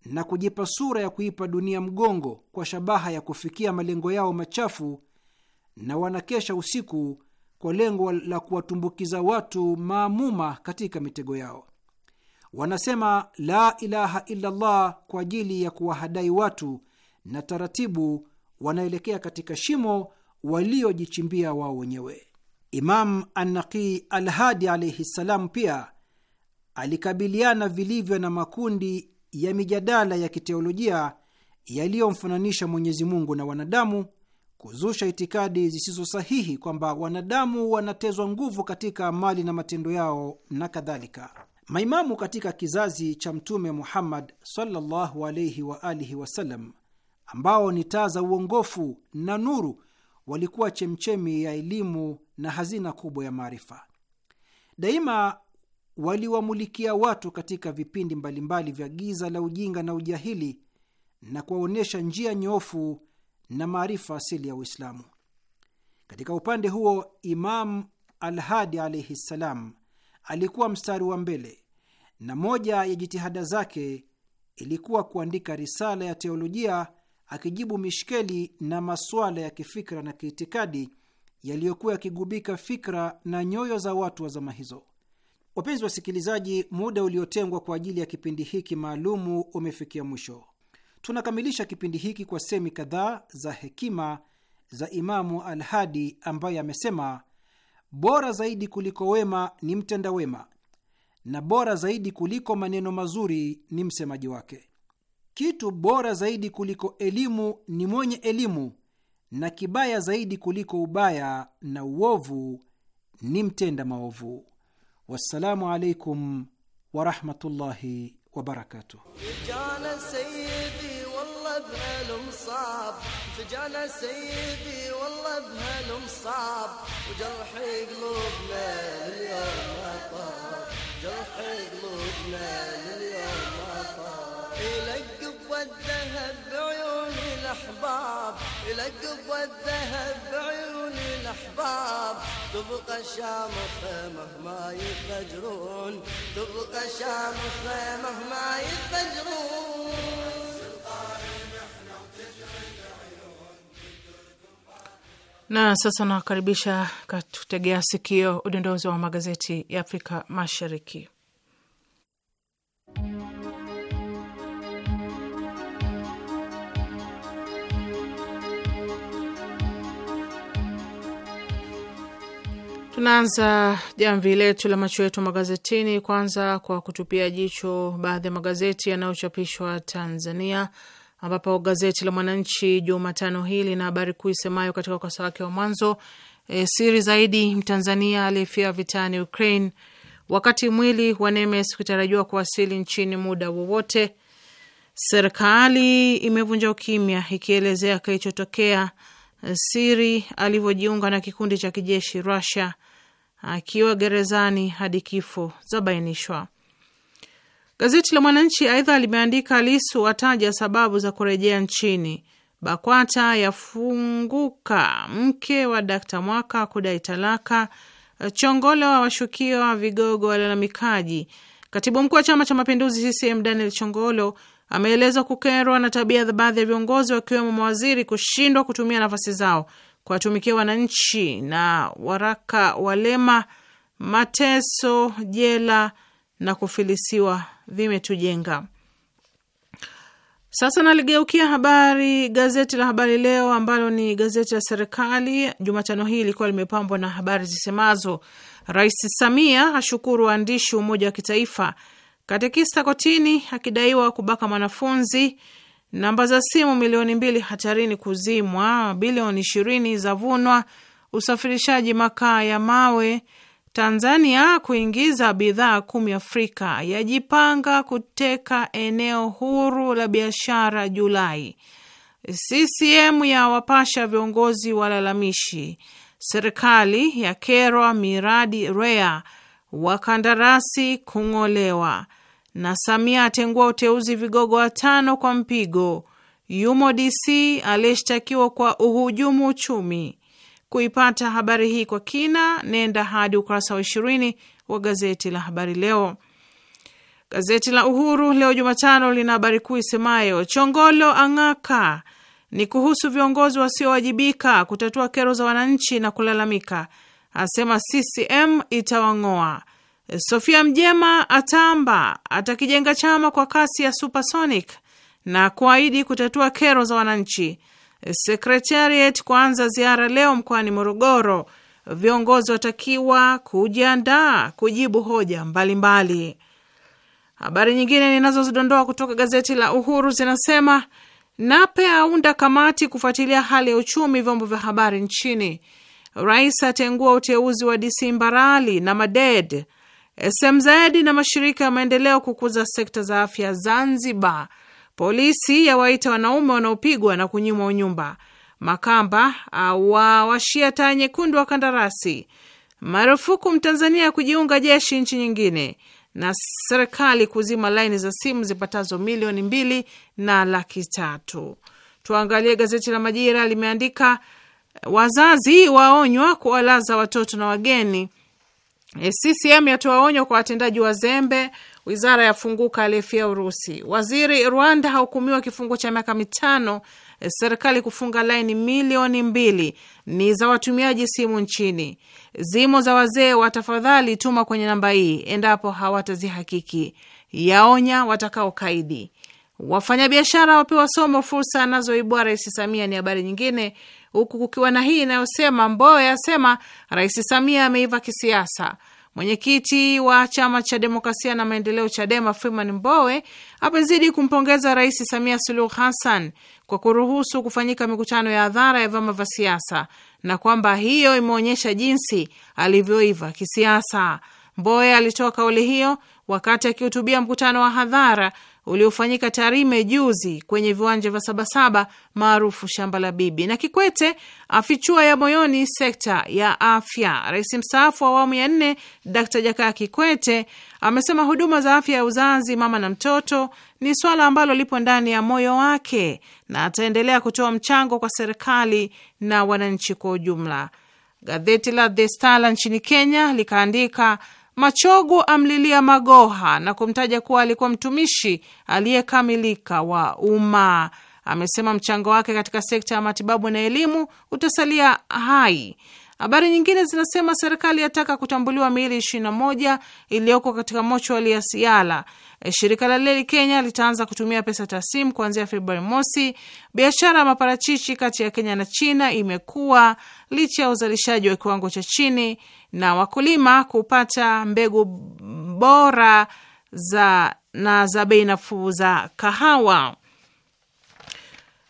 na kujipa sura ya kuipa dunia mgongo kwa shabaha ya kufikia malengo yao machafu, na wanakesha usiku kwa lengo la kuwatumbukiza watu maamuma katika mitego yao wanasema la ilaha illallah kwa ajili ya kuwahadai watu, na taratibu wanaelekea katika shimo waliojichimbia wao wenyewe. Imam Annaqi Alhadi alaihi ssalam pia alikabiliana vilivyo na makundi ya mijadala ya kiteolojia yaliyomfananisha Mwenyezi Mungu na wanadamu, kuzusha itikadi zisizo sahihi kwamba wanadamu wanatezwa nguvu katika mali na matendo yao na kadhalika. Maimamu katika kizazi cha Mtume Muhammad sallallahu wa alihi wasallam, ambao ni taa za uongofu na nuru, walikuwa chemchemi ya elimu na hazina kubwa ya maarifa. Daima waliwamulikia watu katika vipindi mbalimbali vya giza la ujinga na ujahili na kuwaonyesha njia nyofu na maarifa asili ya Uislamu. Katika upande huo, Imam Alhadi alaihi ssalam alikuwa mstari wa mbele na moja ya jitihada zake ilikuwa kuandika risala ya teolojia akijibu mishkeli na masuala ya kifikra na kiitikadi yaliyokuwa yakigubika fikra na nyoyo za watu wa zama hizo. Wapenzi wasikilizaji, muda uliotengwa kwa ajili ya kipindi hiki maalumu umefikia mwisho. Tunakamilisha kipindi hiki kwa semi kadhaa za hekima za Imamu Alhadi ambaye amesema Bora zaidi kuliko wema ni mtenda wema, na bora zaidi kuliko maneno mazuri ni msemaji wake. Kitu bora zaidi kuliko elimu ni mwenye elimu, na kibaya zaidi kuliko ubaya na uovu ni mtenda maovu. Wassalamu alaikum warahmatullahi wabarakatuh. فجانا سيدي والله بهالمصاب وجرحي وجرح قلوبنا لليوم ما طاب جرح قلوبنا لليوم ما طاب يلقب والذهب بعيون الاحباب يلقب والذهب بعيون الاحباب تبقى شامخه مهما يفجرون تبقى شامخه مهما يفجرون Na sasa nawakaribisha katutegea sikio udondozi wa magazeti ya Afrika Mashariki. Tunaanza jamvi letu la macho yetu magazetini kwanza kwa kutupia jicho baadhi ya magazeti yanayochapishwa Tanzania ambapo gazeti la Mwananchi Jumatano hii lina habari kuu isemayo katika ukurasa wake wa mwanzo e, siri zaidi Mtanzania aliyefia vitani Ukraine, wakati mwili wa Nemes ukitarajiwa kuwasili nchini muda wowote. Serikali imevunja ukimya ikielezea kilichotokea. Siri alivyojiunga na kikundi cha kijeshi Russia akiwa gerezani hadi kifo zabainishwa. Gazeti la Mwananchi aidha limeandika Lisu ataja sababu za kurejea nchini, BAKWATA yafunguka, mke wa Dakta Mwaka kudai talaka, Chongolo wa washukiwa vigogo walalamikaji. Katibu mkuu wa Chama cha Mapinduzi CCM Daniel Chongolo ameeleza kukerwa na tabia baadhi ya viongozi wakiwemo mawaziri kushindwa kutumia nafasi zao kuwatumikia wananchi na waraka walema mateso jela na kufilisiwa vimetujenga. Sasa naligeukia habari gazeti la Habari Leo ambalo ni gazeti la serikali. Jumatano hii ilikuwa limepambwa na habari zisemazo: Rais Samia ashukuru waandishi umoja wa kitaifa, katekista kotini akidaiwa kubaka mwanafunzi, namba za simu milioni mbili hatarini kuzimwa, bilioni ishirini zavunwa usafirishaji makaa ya mawe Tanzania kuingiza bidhaa kumi Afrika, yajipanga kuteka eneo huru la biashara Julai. CCM ya wapasha viongozi walalamishi. Serikali ya kerwa miradi REA, wakandarasi kung'olewa. Na Samia atengua uteuzi vigogo watano kwa mpigo. Yumo DC aliyeshtakiwa kwa uhujumu uchumi. Kuipata habari hii kwa kina, nenda hadi ukurasa wa ishirini wa gazeti la Habari Leo. Gazeti la Uhuru leo Jumatano lina habari kuu isemayo Chongolo ang'aka. Ni kuhusu viongozi wasiowajibika kutatua kero za wananchi na kulalamika, asema CCM itawang'oa. Sofia Mjema atamba atakijenga chama kwa kasi ya supersonic na kuahidi kutatua kero za wananchi, sekretariat kuanza ziara leo mkoani Morogoro. Viongozi watakiwa kujiandaa kujibu hoja mbalimbali Habari nyingine ninazozidondoa kutoka gazeti la Uhuru zinasema Nape aunda kamati kufuatilia hali ya uchumi vyombo vya habari nchini. Rais atengua uteuzi wa DC Mbarali na Maded. SMZ na mashirika ya maendeleo kukuza sekta za afya Zanzibar. Polisi yawaita wanaume wanaopigwa na kunyimwa unyumba. Makamba awawashia taa nyekundu wa kandarasi. Marufuku Mtanzania kujiunga jeshi nchi nyingine, na serikali kuzima laini za simu zipatazo milioni mbili na laki tatu. Tuangalie gazeti la Majira limeandika wazazi waonywa kuwalaza watoto na wageni. E, CCM yatoa onyo kwa watendaji wazembe. Wizara yafunguka aliyefia Urusi. Waziri Rwanda hahukumiwa kifungo cha miaka mitano. Eh, serikali kufunga laini milioni mbili ni za watumiaji simu nchini. Zimo za wazee wa tafadhali tuma kwenye namba hii endapo hawatazihakiki, yaonya watakaokaidi. Wafanyabiashara wapewa somo fursa anazoibua Rais Samia ni habari nyingine, huku kukiwa na hii inayosema mboyo yasema Rais Samia ameiva kisiasa Mwenyekiti wa chama cha demokrasia na maendeleo CHADEMA Freeman Mbowe amezidi kumpongeza Rais Samia Suluhu Hassan kwa kuruhusu kufanyika mikutano ya hadhara ya vyama vya siasa na kwamba hiyo imeonyesha jinsi alivyoiva kisiasa. Mbowe alitoa kauli hiyo wakati akihutubia mkutano wa hadhara uliofanyika Tarime juzi kwenye viwanja vya Sabasaba maarufu shamba la bibi. Na Kikwete afichua ya moyoni sekta ya afya. Rais mstaafu wa awamu ya nne Dkt Jakaya Kikwete amesema huduma za afya ya uzazi, mama na mtoto ni swala ambalo lipo ndani ya moyo wake na ataendelea kutoa mchango kwa serikali na wananchi kwa ujumla. Gazeti la The Star nchini Kenya likaandika Machogu amlilia Magoha na kumtaja kuwa alikuwa mtumishi aliyekamilika wa umma. Amesema mchango wake katika sekta ya matibabu na elimu utasalia hai Habari nyingine zinasema serikali yataka kutambuliwa miili 21 iliyoko katika mochwali ya Siala. E, shirika la leli Kenya litaanza kutumia pesa tasimu kuanzia Februari mosi. Biashara ya maparachichi kati ya Kenya na China imekuwa licha ya uzalishaji wa kiwango cha chini na wakulima kupata mbegu bora za na za bei nafuu za kahawa.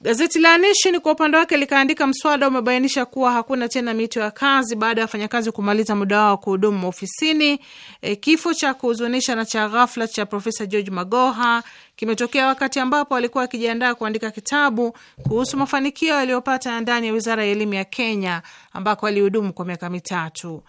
Gazeti la Nation kwa upande wake likaandika mswada umebainisha kuwa hakuna tena mito ya kazi baada ya wafanyakazi kumaliza muda wao wa kuhudumu ofisini. E, kifo cha kuhuzunisha na cha ghafla cha Profesa George Magoha kimetokea wakati ambapo alikuwa akijiandaa kuandika kitabu kuhusu mafanikio yaliyopata ndani ya wizara ya elimu ya Kenya ambako alihudumu kwa miaka mitatu.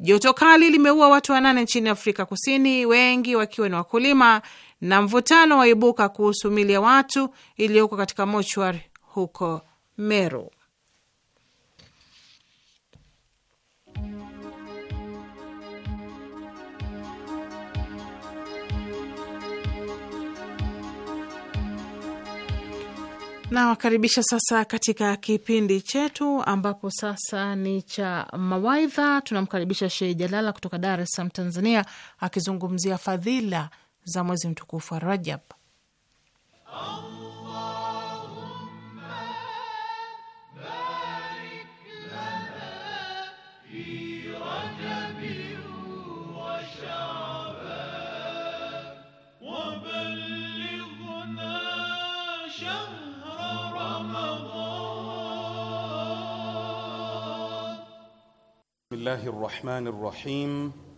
Joto kali limeua watu wanane nchini Afrika Kusini, wengi wakiwa ni wakulima na mvutano waibuka kuhusu mili ya watu iliyoko katika mochwari huko Meru. Nawakaribisha sasa katika kipindi chetu ambapo sasa ni cha mawaidha. Tunamkaribisha Shehe Jalala kutoka Dar es Salaam, Tanzania, akizungumzia fadhila za mwezi mtukufu wa Rajab. Bismillahi rahmani rahim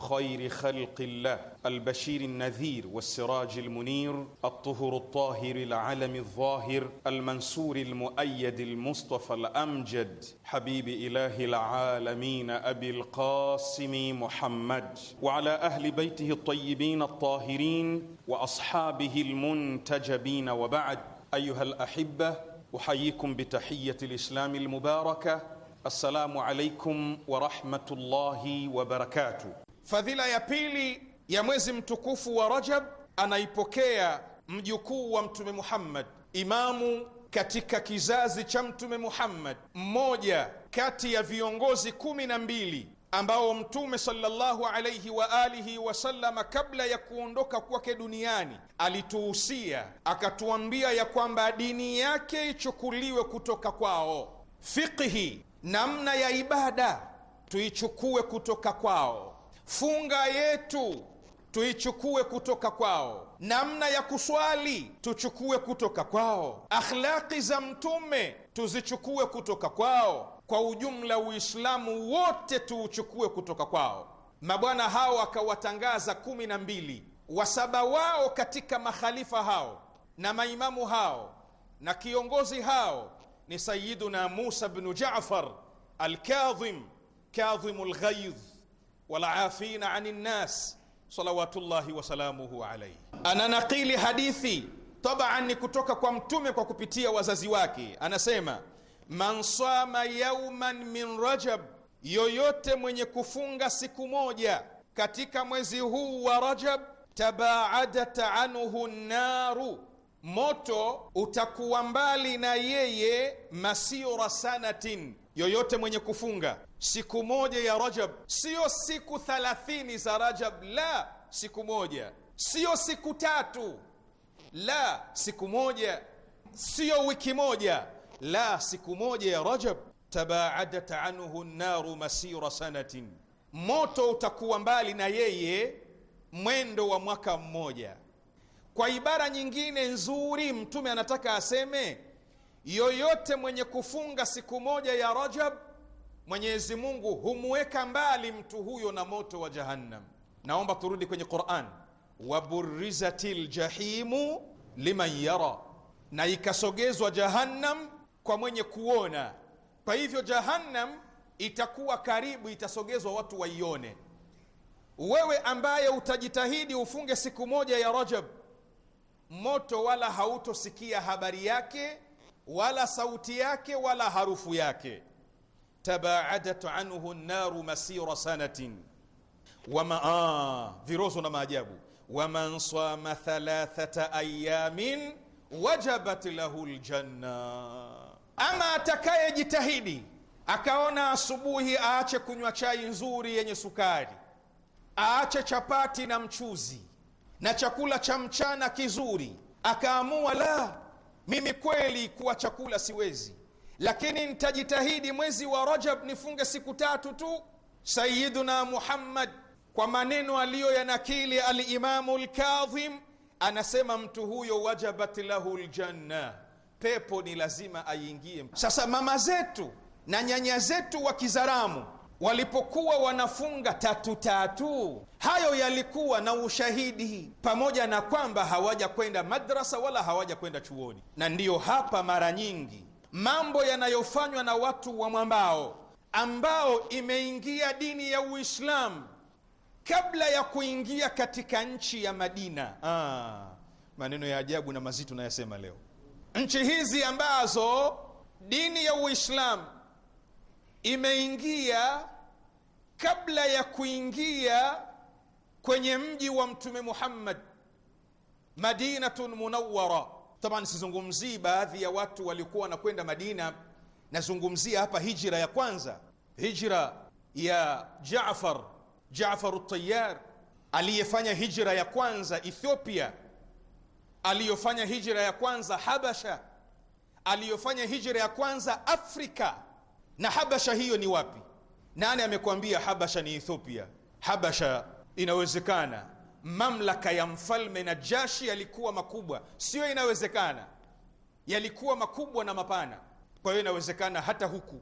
خير خلق الله البشير النذير والسراج المنير الطهر الطاهر العلم الظاهر المنصور المؤيد المصطفى الأمجد حبيب إله العالمين أبي القاسم محمد وعلى أهل بيته الطيبين الطاهرين وأصحابه المنتجبين وبعد أيها الأحبة أحييكم بتحية الإسلام المباركة السلام عليكم ورحمه الله وبركاته Fadhila ya pili ya mwezi mtukufu wa Rajab anaipokea mjukuu wa Mtume Muhammad, imamu katika kizazi cha Mtume Muhammad, mmoja kati ya viongozi kumi na mbili ambao Mtume sallallahu alaihi wa alihi wasallama kabla ya kuondoka kwake duniani alituhusia, akatuambia ya kwamba dini yake ichukuliwe kutoka kwao, fiqhi, namna ya ibada tuichukue kutoka kwao funga yetu tuichukue kutoka kwao, namna ya kuswali tuchukue kutoka kwao, akhlaqi za Mtume tuzichukue kutoka kwao. Kwa ujumla, Uislamu wote tuuchukue kutoka kwao. Mabwana hao akawatangaza kumi na mbili, wasaba wao katika makhalifa hao na maimamu hao na kiongozi hao ni Sayiduna Musa bnu Jafar Alkadhim, Kadhimu Lghaidh walafina ani nnas salawatullahi wasalamuhu alaihi. Ananakili hadithi taban ni kutoka kwa Mtume kwa kupitia wazazi wake, anasema man sama yauman min Rajab, yoyote mwenye kufunga siku moja katika mwezi huu wa Rajab, tabaadat anhu nnaru moto utakuwa mbali na yeye masira sanatin, yoyote mwenye kufunga siku moja ya Rajab, siyo siku thalathini za Rajab, la siku moja, siyo siku tatu, la siku moja, siyo wiki moja, la siku moja ya Rajab. Tabaadat anhu naru masira sanatin, moto utakuwa mbali na yeye mwendo wa mwaka mmoja. Kwa ibara nyingine nzuri, Mtume anataka aseme yoyote mwenye kufunga siku moja ya Rajab, Mwenyezi Mungu humweka mbali mtu huyo na moto wa Jahannam. Naomba turudi kwenye Quran, waburizatil jahimu liman yara, na ikasogezwa Jahannam kwa mwenye kuona. Kwa hivyo Jahannam itakuwa karibu, itasogezwa watu waione. Wewe ambaye utajitahidi ufunge siku moja ya Rajab moto wala hautosikia habari yake wala sauti yake wala harufu yake. tabaadat anhu naru masira sanatin wama, aa, virozo na maajabu. waman sama thalathata ayamin wajabat lahu ljanna, ama atakaye jitahidi akaona asubuhi aache kunywa chai nzuri yenye sukari, aache chapati na mchuzi na chakula cha mchana kizuri, akaamua la, mimi kweli kuwa chakula siwezi, lakini nitajitahidi mwezi wa Rajab nifunge siku tatu tu. Sayiduna Muhammad kwa maneno aliyo yanakili Alimamu Lkadhim anasema mtu huyo wajabat lahu ljanna, pepo ni lazima aingie. Sasa mama zetu na nyanya zetu wa Kizaramu walipokuwa wanafunga tatu tatu, hayo yalikuwa na ushahidi, pamoja na kwamba hawaja kwenda madrasa wala hawaja kwenda chuoni. Na ndiyo hapa mara nyingi mambo yanayofanywa na watu wa mwambao ambao imeingia dini ya Uislamu kabla ya kuingia katika nchi ya Madina. Ah, maneno ya ajabu na mazito nayasema leo. Nchi hizi ambazo dini ya Uislamu imeingia kabla ya kuingia kwenye mji wa mtume Muhammad Madinatun Munawwara. Taban, sizungumzii baadhi ya watu waliokuwa wanakwenda Madina, nazungumzia hapa hijra ya kwanza, hijra ya Jaafar Jaafar At-Tayyar aliyefanya hijra ya kwanza Ethiopia, aliyofanya hijra ya kwanza Habasha, aliyofanya hijra ya kwanza Afrika na Habasha hiyo ni wapi? Nani amekwambia Habasha ni Ethiopia? Habasha inawezekana mamlaka ya mfalme Najashi yalikuwa makubwa, sio inawezekana, yalikuwa makubwa na mapana. Kwa hiyo inawezekana hata huku,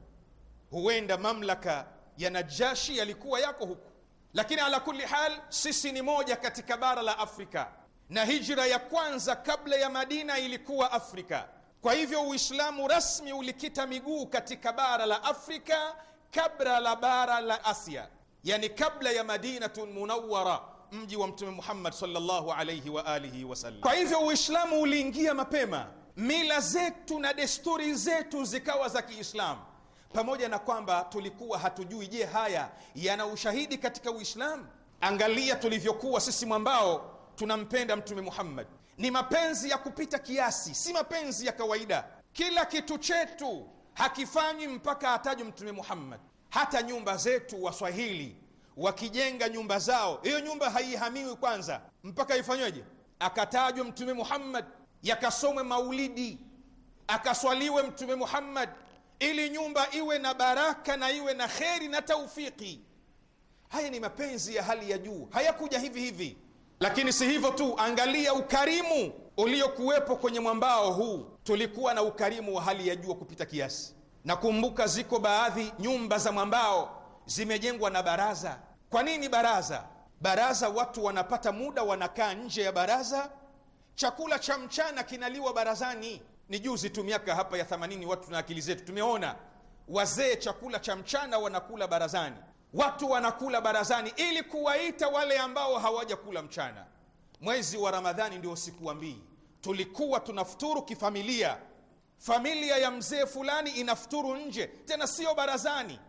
huenda mamlaka ya Najashi yalikuwa yako huku, lakini ala kulli hal, sisi ni moja katika bara la Afrika, na hijra ya kwanza kabla ya Madina ilikuwa Afrika kwa hivyo Uislamu rasmi ulikita miguu katika bara la Afrika kabla la bara la Asia, yani kabla ya Madinatun munawara mji wa Mtume Muhammad sallallahu alayhi wa alihi wasallam. Kwa hivyo Uislamu uliingia mapema, mila zetu na desturi zetu zikawa za Kiislamu, pamoja na kwamba tulikuwa hatujui. Je, haya yana ushahidi katika Uislamu? Angalia tulivyokuwa sisi mwambao tunampenda Mtume Muhammad ni mapenzi ya kupita kiasi, si mapenzi ya kawaida. Kila kitu chetu hakifanywi mpaka atajwe Mtume Muhammad. Hata nyumba zetu Waswahili wakijenga nyumba zao, hiyo nyumba haihamiwi kwanza mpaka ifanyweje? Akatajwe Mtume Muhammad, yakasomwe maulidi, akaswaliwe Mtume Muhammad, ili nyumba iwe na baraka na iwe na kheri na taufiki. Haya ni mapenzi ya hali ya juu, hayakuja hivi hivi. Lakini si hivyo tu, angalia ukarimu uliokuwepo kwenye mwambao huu. Tulikuwa na ukarimu wa hali ya juu kupita kiasi. Nakumbuka ziko baadhi nyumba za mwambao zimejengwa na baraza. Kwa nini baraza? Baraza watu wanapata muda, wanakaa nje ya baraza, chakula cha mchana kinaliwa barazani. Ni juzi tu miaka hapa ya themanini, watu na akili zetu tumeona wazee chakula cha mchana wanakula barazani watu wanakula barazani ili kuwaita wale ambao hawajakula mchana. Mwezi wa Ramadhani ndio sikuambii, tulikuwa tunafuturu kifamilia. Familia ya mzee fulani inafuturu nje, tena sio barazani,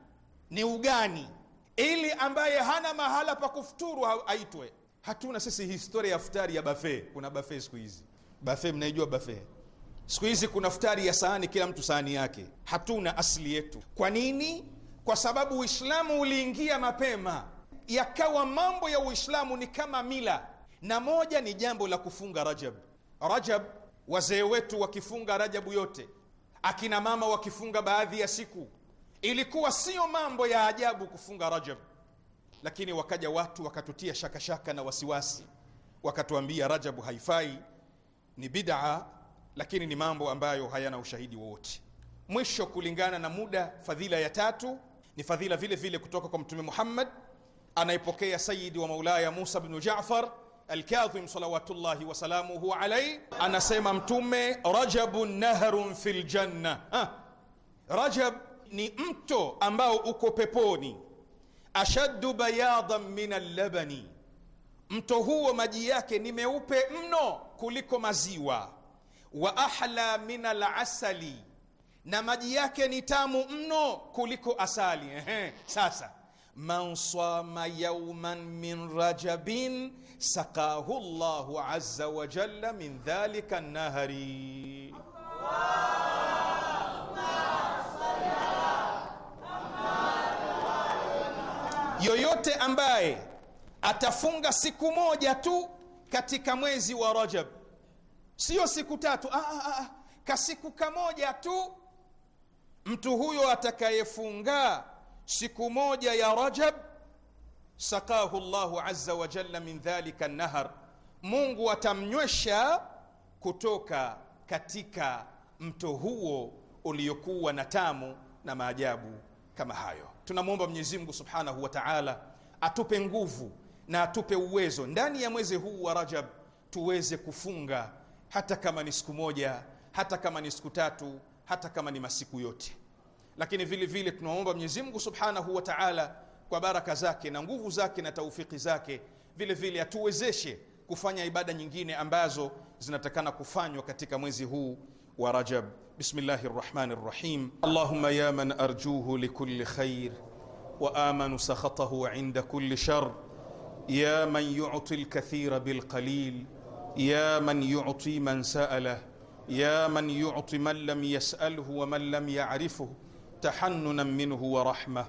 ni ugani, ili ambaye hana mahala pa kufuturu aitwe. Hatuna sisi historia ya futari ya bafe. Kuna bafe siku hizi, bafe mnaijua bafe siku hizi, kuna futari ya sahani, kila mtu sahani yake. Hatuna asili yetu. Kwa nini? kwa sababu Uislamu uliingia mapema, yakawa mambo ya Uislamu ni kama mila, na moja ni jambo la kufunga Rajab. Rajab, wazee wetu wakifunga Rajabu yote, akina mama wakifunga baadhi ya siku, ilikuwa siyo mambo ya ajabu kufunga Rajab, lakini wakaja watu wakatutia shaka shaka na wasiwasi, wakatuambia Rajabu haifai, ni bid'a, lakini ni mambo ambayo hayana ushahidi wowote. Mwisho, kulingana na muda, fadhila ya tatu ni fadhila vile vile kutoka kwa Mtume Muhammad, anaipokea Sayyidi wa Maulaya Musa bnu Jafar Alkadhim salawatullahi wasalamuhu alaihi, anasema Mtume, rajabu nahrun fi ljanna. Ah, Rajab ni mto ambao uko peponi, ashaddu bayadan min allabani, mto huo maji yake ni meupe mno kuliko maziwa, wa ahla min alasali na maji yake ni tamu mno kuliko asali. Ehe, sasa man sama yauman min rajabin sakahu llahu azza wa jalla min dhalika nahari. Yoyote ambaye atafunga siku moja tu katika mwezi wa Rajab, siyo siku tatu, ah, ah, ah, ah, kasiku kamoja tu mtu huyo atakayefunga siku moja ya Rajab sakahu Allahu azza wa jalla min dhalika nahar, Mungu atamnywesha kutoka katika mto huo uliokuwa na tamu na maajabu kama hayo. Tunamwomba Mwenyezi Mungu subhanahu wa taala atupe nguvu na atupe uwezo ndani ya mwezi huu wa Rajab tuweze kufunga hata kama ni siku moja, hata kama ni siku tatu hata kama ni masiku yote. Lakini vile vile tunaomba Mwenyezi Mungu Subhanahu wa Ta'ala kwa baraka zake na nguvu zake na taufiki zake, vile vile atuwezeshe kufanya ibada nyingine ambazo zinatakana kufanywa katika mwezi huu wa Rajab. Bismillahir Rahmanir Rahim. Allahumma ya man arjuhu likulli khair wa amanu sakhatahu inda kulli shar ya man yu'ti al-kathira bil qalil ya man yu'ti man sa'alahu يا من يعطي من لم يسأله ومن لم يعرفه تحننا منه ورحمة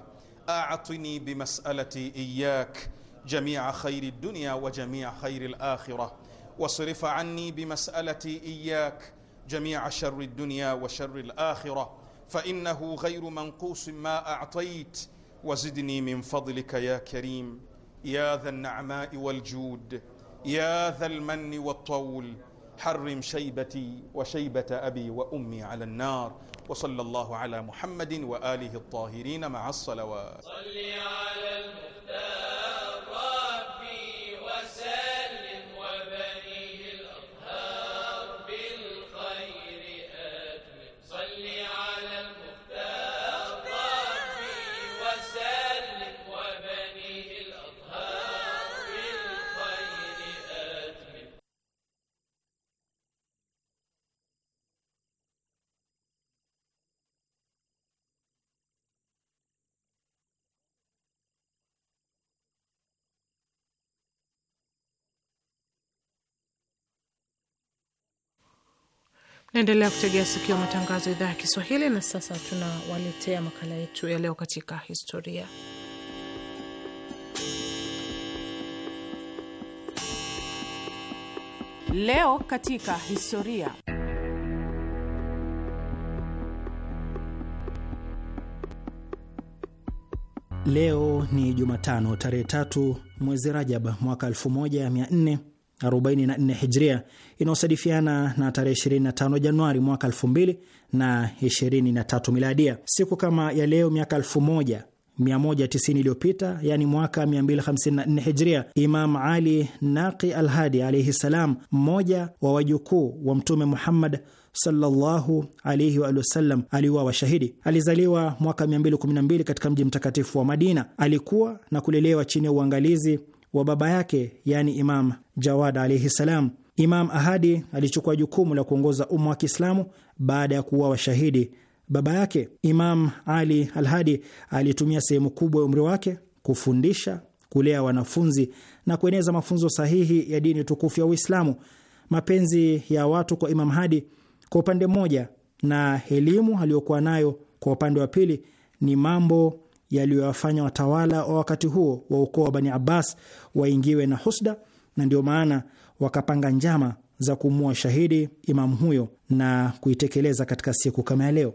أعطني بمسألتي إياك جميع خير الدنيا وجميع خير الآخرة واصرف عني بمسألتي إياك جميع شر الدنيا وشر الآخرة فإنه غير منقوص ما أعطيت وزدني من فضلك يا كريم يا ذا النعماء والجود يا ذا المن والطول حرم شيبتي وشيبة أبي وأمي على النار وصلى الله على محمد وآله الطاهرين مع الصلوات صلي على المحمد Naendelea kutegea sikio matangazo ya idhaa ya Kiswahili. Na sasa tunawaletea makala yetu ya leo katika historia. Leo katika historia. Leo ni Jumatano tarehe tatu mwezi Rajab mwaka 1400 44 hijria inayosadifiana na tarehe 25 Januari mwaka 2023 miladia. Siku kama ya leo miaka 1190 iliyopita, yani mwaka 254 hijria, Imam Ali Naqi Alhadi alaihi salam, mmoja wa wajukuu wa Mtume Muhammad sallallahu alaihi wa alihi wasallam aliuawa shahidi. Alizaliwa mwaka 212 katika mji mtakatifu wa Madina. Alikuwa na kulelewa chini ya uangalizi wa baba yake, yani Imam Jawad alaihi salam. Imam Ahadi alichukua jukumu la kuongoza umma wa Kiislamu baada ya kuuawa shahidi baba yake. Imam Ali Alhadi alitumia sehemu kubwa ya umri wake kufundisha, kulea wanafunzi na kueneza mafunzo sahihi ya dini tukufu ya Uislamu. Mapenzi ya watu kwa Imam Hadi kwa upande mmoja na elimu aliyokuwa nayo kwa upande wa pili ni mambo yaliyowafanya watawala wa wakati huo wa ukoo wa Bani Abbas waingiwe na husda, na ndio maana wakapanga njama za kumua shahidi imamu huyo na kuitekeleza katika siku kama ya leo.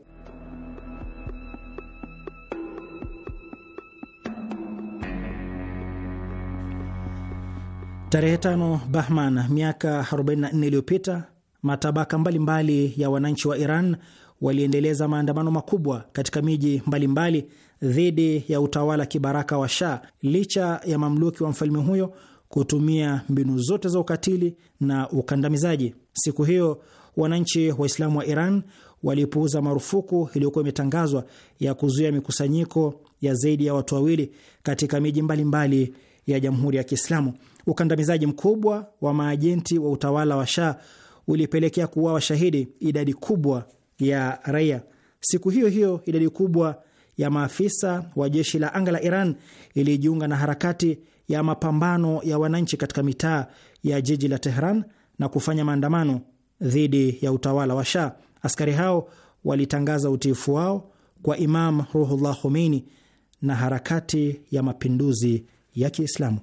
Tarehe tano Bahman miaka 44 iliyopita, matabaka mbalimbali mbali ya wananchi wa Iran waliendeleza maandamano makubwa katika miji mbalimbali mbali dhidi ya utawala kibaraka wa Shah licha ya mamluki wa mfalme huyo kutumia mbinu zote za ukatili na ukandamizaji. Siku hiyo wananchi Waislamu wa Iran walipuuza marufuku iliyokuwa imetangazwa ya kuzuia mikusanyiko ya zaidi ya watu wawili katika miji mbalimbali ya Jamhuri ya Kiislamu. Ukandamizaji mkubwa wa maajenti wa utawala wa Shah ulipelekea kuwa shahidi idadi kubwa ya raia. Siku hiyo hiyo idadi kubwa ya maafisa wa jeshi la anga la Iran ilijiunga na harakati ya mapambano ya wananchi katika mitaa ya jiji la Tehran na kufanya maandamano dhidi ya utawala wa Shah. Askari hao walitangaza utiifu wao kwa Imam Ruhullah Khomeini na harakati ya mapinduzi ya Kiislamu.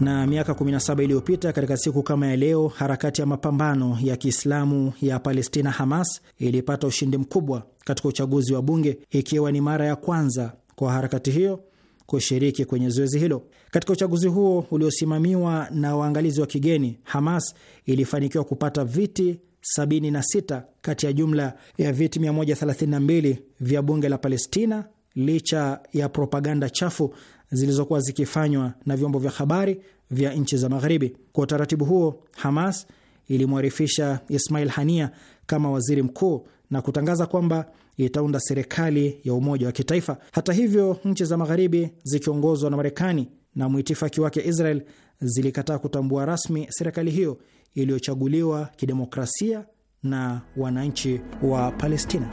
na miaka 17 iliyopita katika siku kama ya leo, harakati ya mapambano ya Kiislamu ya Palestina Hamas ilipata ushindi mkubwa katika uchaguzi wa bunge, ikiwa ni mara ya kwanza kwa harakati hiyo kushiriki kwenye zoezi hilo. Katika uchaguzi huo uliosimamiwa na waangalizi wa kigeni, Hamas ilifanikiwa kupata viti 76 kati ya jumla ya viti 132 vya bunge la Palestina licha ya propaganda chafu zilizokuwa zikifanywa na vyombo vya habari vya nchi za Magharibi. Kwa utaratibu huo, Hamas ilimwarifisha Ismail Hania kama waziri mkuu na kutangaza kwamba itaunda serikali ya umoja wa kitaifa. Hata hivyo, nchi za Magharibi zikiongozwa na Marekani na mwitifaki wake Israel zilikataa kutambua rasmi serikali hiyo iliyochaguliwa kidemokrasia na wananchi wa Palestina.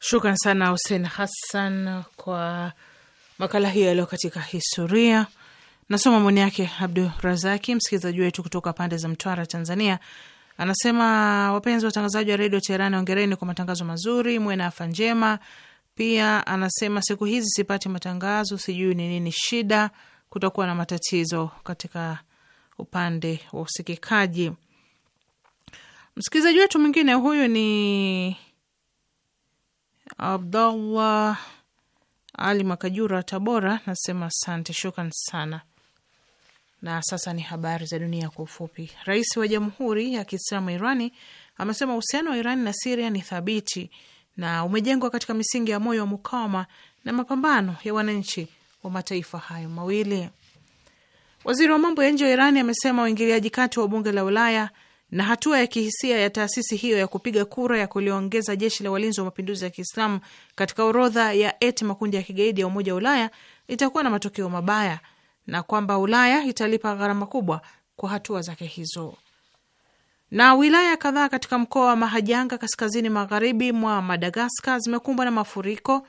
Shukran sana Hussein Hassan kwa makala hiyo yaliyo katika historia. Nasoma maoni yake Abdu Razaki, msikilizaji wetu kutoka pande za Mtwara, Tanzania. Anasema wapenzi watangazaji wa redio Teherani, ongereni kwa matangazo mazuri, mwe na afa njema. Pia anasema siku hizi sipati matangazo, sijui ni nini shida, kutokuwa na matatizo katika upande wa usikikaji. Msikilizaji wetu mwingine huyu ni Abdallah Ali Makajura, Tabora, nasema asante, shukran sana. Na sasa ni habari za dunia kwa ufupi. Rais wa Jamhuri ya Kiislamu Irani amesema uhusiano wa Irani na Siria ni thabiti na umejengwa katika misingi ya moyo wa mukawama na mapambano ya wananchi wa mataifa hayo mawili. Waziri wa mambo ya nje wa Irani amesema uingiliaji kati wa bunge la Ulaya na hatua ya kihisia ya taasisi hiyo ya kupiga kura ya kuliongeza jeshi la walinzi wa mapinduzi ya Kiislamu katika orodha ya eti makundi ya kigaidi ya Umoja wa Ulaya itakuwa na matokeo mabaya na kwamba Ulaya italipa gharama kubwa kwa hatua zake hizo. Na wilaya kadhaa katika mkoa wa Mahajanga kaskazini magharibi mwa Madagaskar zimekumbwa na mafuriko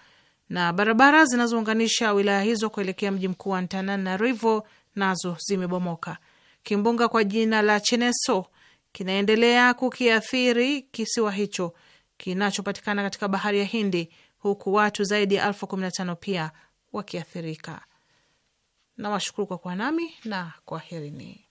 na barabara zinazounganisha wilaya hizo kuelekea mji mkuu wa Antananarivo nazo zimebomoka. Kimbunga kwa jina la Cheneso kinaendelea kukiathiri kisiwa hicho kinachopatikana katika bahari ya Hindi, huku watu zaidi ya elfu kumi na tano pia wakiathirika. Nawashukuru kwa kuwa nami na kwaherini.